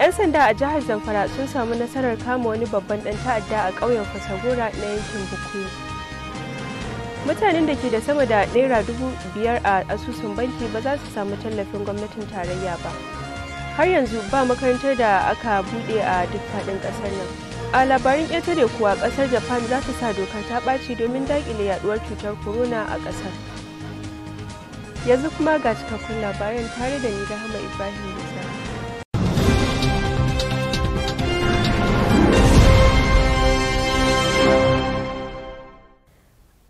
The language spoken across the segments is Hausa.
'yan sanda a jihar zamfara sun samu nasarar kama wani babban dan ta'adda a ƙauyen fasagora na yankin buku mutanen da ke da sama da naira dubu biyar a asusun banki ba za su samu tallafin gwamnatin tarayya ba har yanzu ba makarantar da aka buɗe a duk faɗin ƙasar nan a labarin ƙetare kuwa ƙasar japan za ta sa dokar ta ɓaci domin daƙile yaduwar cutar corona a ƙasar yanzu kuma ga cikakkun labarin tare da ni da hama ibrahim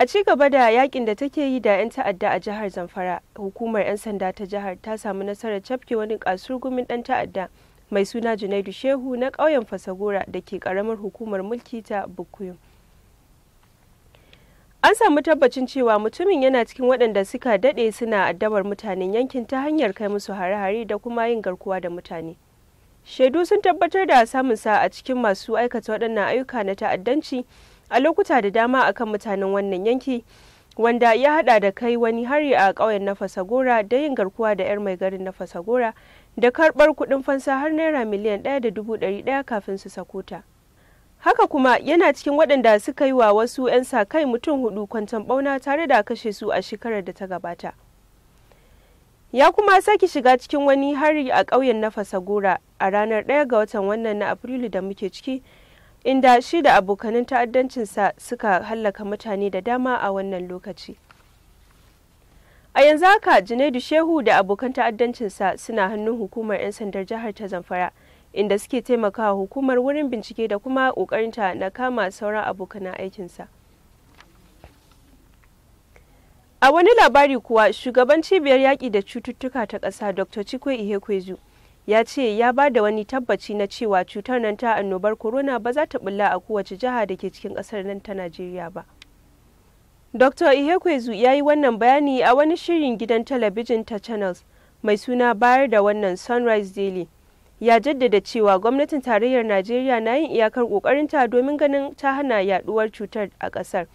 a ci gaba da yakin da take yi da 'yan ta'adda a jihar zamfara hukumar 'yan sanda ta jihar ta samu nasarar cafke wani kasurgumin dan ta'adda mai suna junaidu shehu na ƙauyen fasagora da ke ƙaramar hukumar mulki ta bukuyu an samu tabbacin cewa mutumin yana cikin waɗanda suka daɗe suna addabar mutanen yankin ta hanyar kai musu hare-hare da kuma yin garkuwa da mutane shaidu sun tabbatar da samun sa a cikin masu aikata waɗannan ayyuka na ta'addanci a lokuta da dama akan mutanen wannan yanki wanda ya hada da kai wani hari a ƙauyen na fasagora da yin garkuwa da 'yar mai garin na fasagora da karbar kuɗin fansa har naira miliyan ɗaya da dubu ɗari ɗaya kafin su sakuta haka kuma yana cikin waɗanda suka yi wa wasu 'yan sa kai mutum hudu kwanton ɓauna tare da kashe su a shekarar da ta gabata ya kuma sake shiga cikin wani hari a ƙauyen na fasagora a ranar 1 ga watan wannan na afrilu da muke ciki inda shi da abokanin ta'addancinsa suka hallaka mutane da dama a wannan lokaci a yanzu haka junaidu shehu da abokan ta'addancinsa suna hannun hukumar 'yan sandar jihar ta zamfara inda suke taimakawa hukumar wurin bincike da kuma kokarinta na kama sauran abokan aikinsa a wani labari kuwa shugaban cibiyar yaƙi da cututtuka ta ƙasa dr chikwe ihekwezu ya ce ya ba da wani tabbaci na cewa cutar nan ta annobar corona ba za ta bulla a kowace jiha da ke cikin kasar nan ta najeriya ba dr ihekwezu ya yi wannan bayani a wani shirin gidan talabijin ta channels mai suna bayar da wannan sunrise daily ya jaddada cewa gwamnatin tarayyar najeriya na yin iyakar kokarinta domin ganin ta hana yaduwar cutar a kasar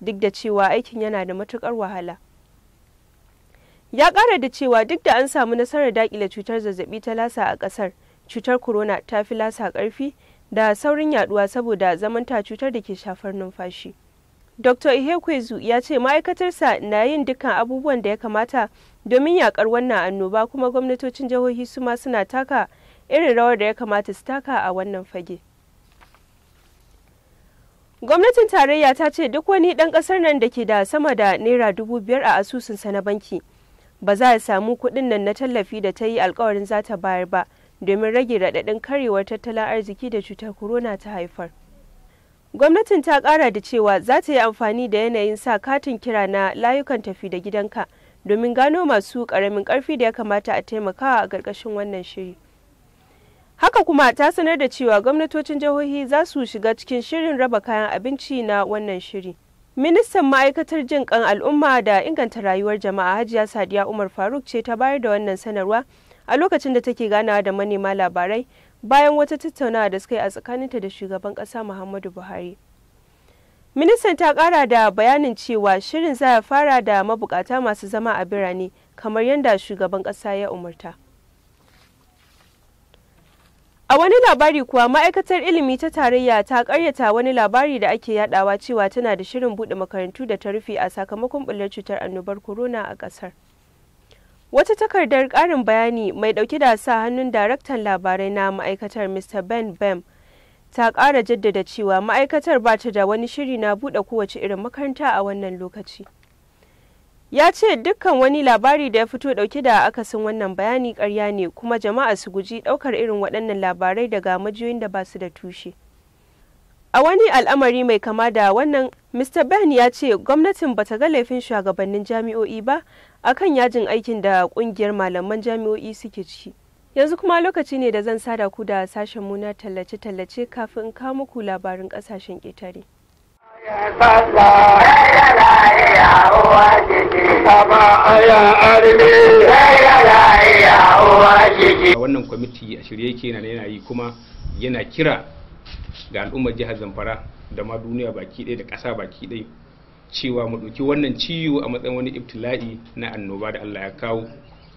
duk da cewa aikin yana da matukar wahala ya kara da cewa duk da an samu nasarar dakile cutar zazzabi ta lasa a kasar cutar corona ta fi lasa karfi da saurin yaduwa saboda zamanta cutar da ke shafar numfashi dr ihekwezu ya ce ma'aikatarsa na yin dukkan abubuwan da ya kamata domin yakar wannan annoba kuma gwamnatocin jihohi su ma suna taka irin rawar da ya kamata su taka a wannan fage gwamnatin tarayya ta ce duk wani dan kasar nan da ke da sama da naira dubu biyar a asusunsa na banki ba za a samu kuɗin nan na tallafi da ta yi alkawarin za ta bayar ba domin rage raɗaɗin karewar tattalin arziki da cutar corona ta haifar. Gwamnatin ta ƙara da cewa za ta yi amfani da yanayin sa katin kira na layukan tafi da gidanka domin gano masu ƙaramin ƙarfi da ya kamata a taimakawa a ƙarƙashin wannan shiri. Haka kuma ta sanar da cewa gwamnatocin jihohi za su shiga cikin shirin raba kayan abinci na wannan shiri. Ministan ma'aikatar jin kan al'umma da inganta rayuwar jama'a Hajiya Sadiya Umar Faruk ce ta bayar da wannan sanarwa a lokacin da take ganawa da manema labarai bayan wata tattaunawa da suka yi a tsakaninta da shugaban ƙasa Muhammadu Buhari. Ministan ta ƙara da bayanin cewa shirin za fara da mabukata masu zama a birane kamar yadda shugaban ƙasa ya umarta. A wani labari kuwa ma'aikatar ilimi ta tarayya ta karyata wani labari da ake yadawa cewa tana da shirin buɗe makarantu da ta rufe a sakamakon bullar cutar annobar corona a ƙasar. Wata takardar ƙarin bayani mai ɗauke da sa hannun daraktan labarai na ma'aikatar Mr. Ben Bem ta ƙara jaddada cewa ma'aikatar ba ta da wani shiri na buɗe kowace irin makaranta a wannan lokaci. ya ce dukkan wani labari da ya fito dauke da akasin wannan bayani karya ne kuma jama'a su guji daukar irin waɗannan labarai daga majiyoyin da ba su da tushe a wani al'amari mai kama da wannan mr ben ya ce gwamnatin bata ga laifin shugabannin jami'o'i ba akan yajin aikin da kungiyar malaman jami'o'i suke ciki yanzu kuma lokaci ne da zan sada ku da sashen muna tallace-tallace kafin kawo muku labarin ƙasashen ƙetare. wannan kwamiti a shirye yake na yana yi kuma yana kira ga al'ummar jihar zamfara da ma duniya baki ɗaya da ƙasa baki ɗaya cewa mu ɗauki wannan ciwo a matsayin wani ibtila'i na annoba da allah ya kawo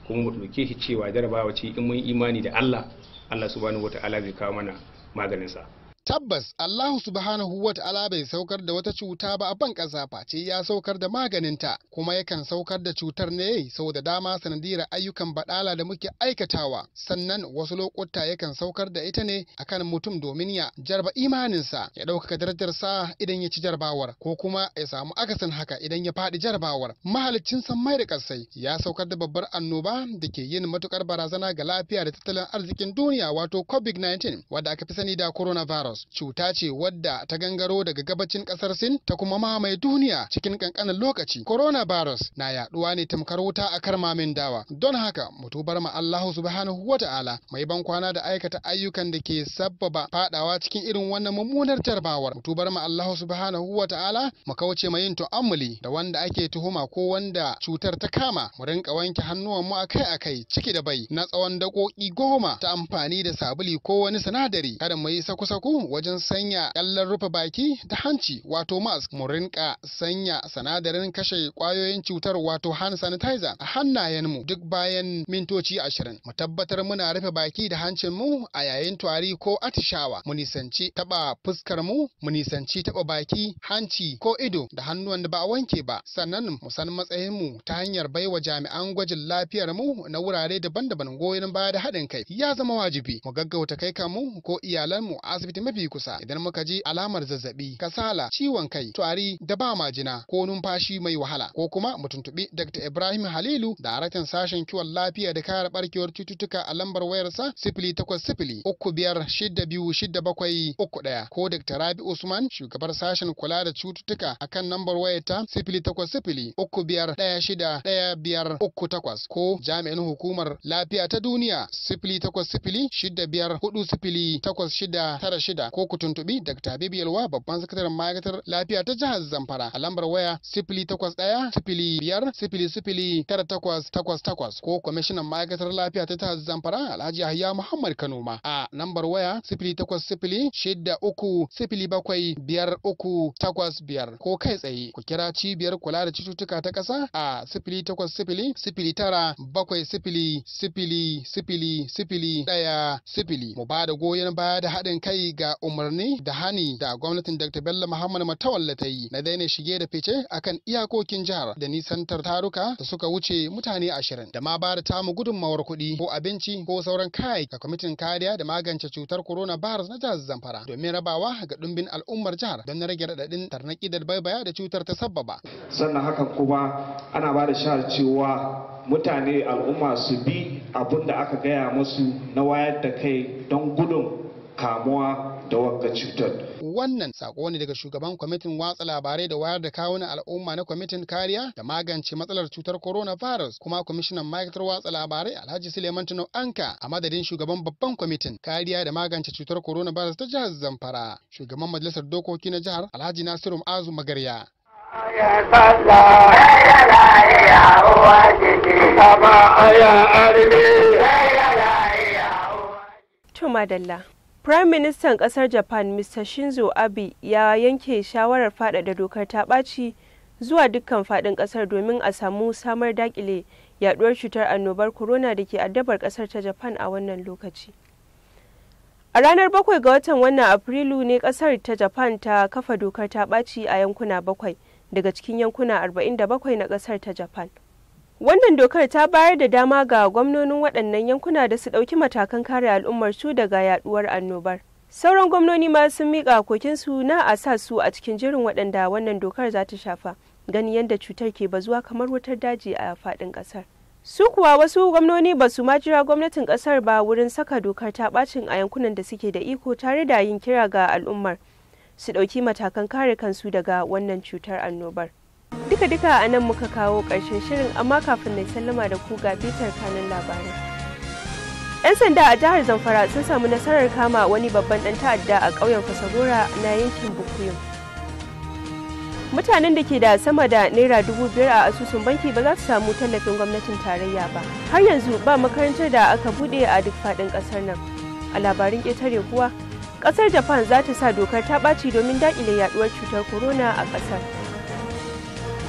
kuma mu ɗauke shi cewa jarabawa ce in mun imani da allah allah subhanahu wata'ala zai kawo mana maganinsa tabbas Allahu subhanahu wa ta'ala bai saukar da wata cuta ba a ban ƙasa face ya saukar da maganinta kuma yakan saukar da cutar ne sau da dama sanadiyar ayyukan baɗala da muke aikatawa sannan wasu lokuta yakan saukar da ita ne akan mutum domin ya jarba imaninsa ya ɗaukaka darajarsa idan ya ci jarbawar ko kuma ya samu akasin haka idan ya faɗi jarbawar mahalicin mai da ƙasai ya saukar da babbar annoba da ke yin matukar barazana ga lafiya da tattalin arzikin duniya wato covid-19 wadda aka fi sani da coronavirus cuta ce wadda ta gangaro daga gabacin kasar Sin ta kuma mamaye duniya cikin kankanin lokaci. Coronavirus na yaduwa ne tamkar wuta a karmamin dawa. Don haka mutubar ma Allahu subhanahu wata'ala mai ban kwana da aikata ayyukan da ke sabbaba fadawa cikin irin wannan mummunar tarbawar. Mutubar ma Allahu subhanahu wata'ala mu kauce ma yin tu'ammuli da wanda ake tuhuma ko wanda cutar ta kama mu rinka wanke hannuwanmu akai-akai ciki da bai na tsawon daƙoƙi goma ta amfani da sabuli ko wani sinadari kada mu yi saku-saku wajen sanya ƙyallar rufe baki da hanci wato mask mu rinka sanya sanadarin kashe kwayoyin cutar wato hand sanitizer a hannayen mu duk bayan mintoci ashirin mu tabbatar muna rufe baki da hancin mu a yayin tari ko atishawa mu nisanci taba fuskar mu mu nisanci taba baki hanci ko ido da hannuwan da ba a wanke ba sannan mu san matsayin mu ta hanyar baiwa jami'an gwajin lafiyar mu na wurare daban-daban goyon baya da haɗin kai ya zama wajibi mu gaggauta kai kanmu ko iyalanmu asibiti mafi mafi kusa idan muka ji alamar zazzabi kasala ciwon kai tari da ba majina ko numfashi mai wahala ko kuma mu tuntubi dr ibrahim halilu daraktan sashen kiwon lafiya da kare barkewar cututtuka a lambar wayarsa sifili takwas sifili uku biyar shidda biyu shidda bakwai uku ɗaya ko dr rabi usman shugabar sashen kula da cututtuka akan lambar wayarta sifili takwas sifili uku biyar ɗaya shida ɗaya biyar uku takwas ko jami'in hukumar lafiya ta duniya sifili takwas sifili shidda biyar hudu sifili takwas shida tara shida ko ku tuntubi Dr. Habibu Yalwa babban sakataren ma'aikatar lafiya ta jihar Zamfara a lambar waya sifili takwas ɗaya sifili biyar sifili sifili tara takwas takwas takwas ko kwamishinan ma'aikatar lafiya ta jihar Zamfara Alhaji Yahya Muhammad Kano ma a lambar waya sifili takwas sifili shida uku sifili bakwai biyar uku takwas biyar ko kai tsaye ku kira cibiyar kula da cututtuka ta ƙasa a sifili takwas sifili sifili tara bakwai sifili sifili sifili sifili ɗaya sifili mu ba da goyon baya da haɗin kai ga umarni da hani da gwamnatin Dr. Bello Muhammad Matawalla ta yi na daina shige da fice akan iyakokin jihar da nisantar taruka da suka wuce mutane ashirin da ma ba da tamu gudunmawar kuɗi ko abinci ko sauran kayayyaki ga kwamitin kariya da magance cutar corona virus na jihar Zamfara domin rabawa ga ɗumbin al'ummar jihar don rage raɗaɗin tarnaƙi da baibaya da cutar ta sabbaba. Sannan haka kuma ana ba da shahar cewa mutane al'umma su bi abun da aka gaya musu na wayar da kai don gudun kamuwa da wanka cutar. Wannan sako ne daga shugaban kwamitin watsa labarai da wayar da kawunan al'umma na kwamitin kariya da magance matsalar cutar coronavirus kuma kwamishinan ma'aikatar watsa labarai Alhaji Suleiman Tuno Anka a madadin shugaban babban kwamitin kariya da magance cutar coronavirus ta jihar Zamfara shugaban majalisar dokoki na jihar Alhaji Nasiru Azu Magarya. To madalla. Prime Ministan kasar Japan Mr. Shinzo Abe ya yanke shawarar faɗaɗa dokar ta ɓaci zuwa dukkan faɗin ƙasar domin a samu samar dakile yaɗuwar cutar annobar corona da ke addabar ƙasar ta Japan a wannan lokaci. A ranar bakwai ga watan wannan Afrilu ne ƙasar ta Japan ta kafa dokar ta ɓaci a yankuna bakwai daga cikin yankuna 47 na ƙasar ta Japan. Wannan dokar ta bayar da dama ga gwamnonin waɗannan yankuna da su ɗauki matakan kare al'ummar su daga yaɗuwar annobar. Sauran gwamnoni ma sun miƙa su na a sa su a cikin jirin waɗanda wannan dokar za ta shafa, gani yadda cutar ke ba zuwa kamar wutar daji a faɗin ƙasar. Su kuwa wasu gwamnoni ba su ma jira gwamnatin ƙasar ba wurin saka dokar ta ɓacin a yankunan da suke da iko tare da yin kira ga al'ummar su ɗauki matakan kare kansu daga wannan cutar annobar. duka duka a nan muka kawo ƙarshen shirin amma kafin na sallama da ku ga bitar kanin labarai 'yan sanda a jihar zamfara sun samu nasarar kama wani babban ɗan ta'adda a ƙauyen fasagora na yankin bukuyum mutanen da ke da sama da naira dubu biyar a asusun banki ba za su samu tallafin gwamnatin tarayya ba har yanzu ba makarantar da aka buɗe a duk faɗin ƙasar nan a labarin ƙetare kuwa ƙasar japan za ta sa dokar ta ɓaci domin daƙile yaɗuwar cutar corona a ƙasar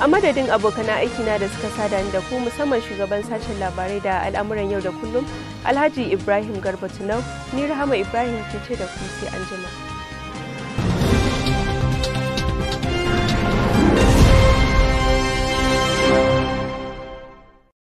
a madadin abokan aikina da suka sada ni da ku musamman shugaban sashen labarai da al'amuran yau da kullum alhaji ibrahim garba tunau ni rahama ibrahim ke ce da ku sai an jima.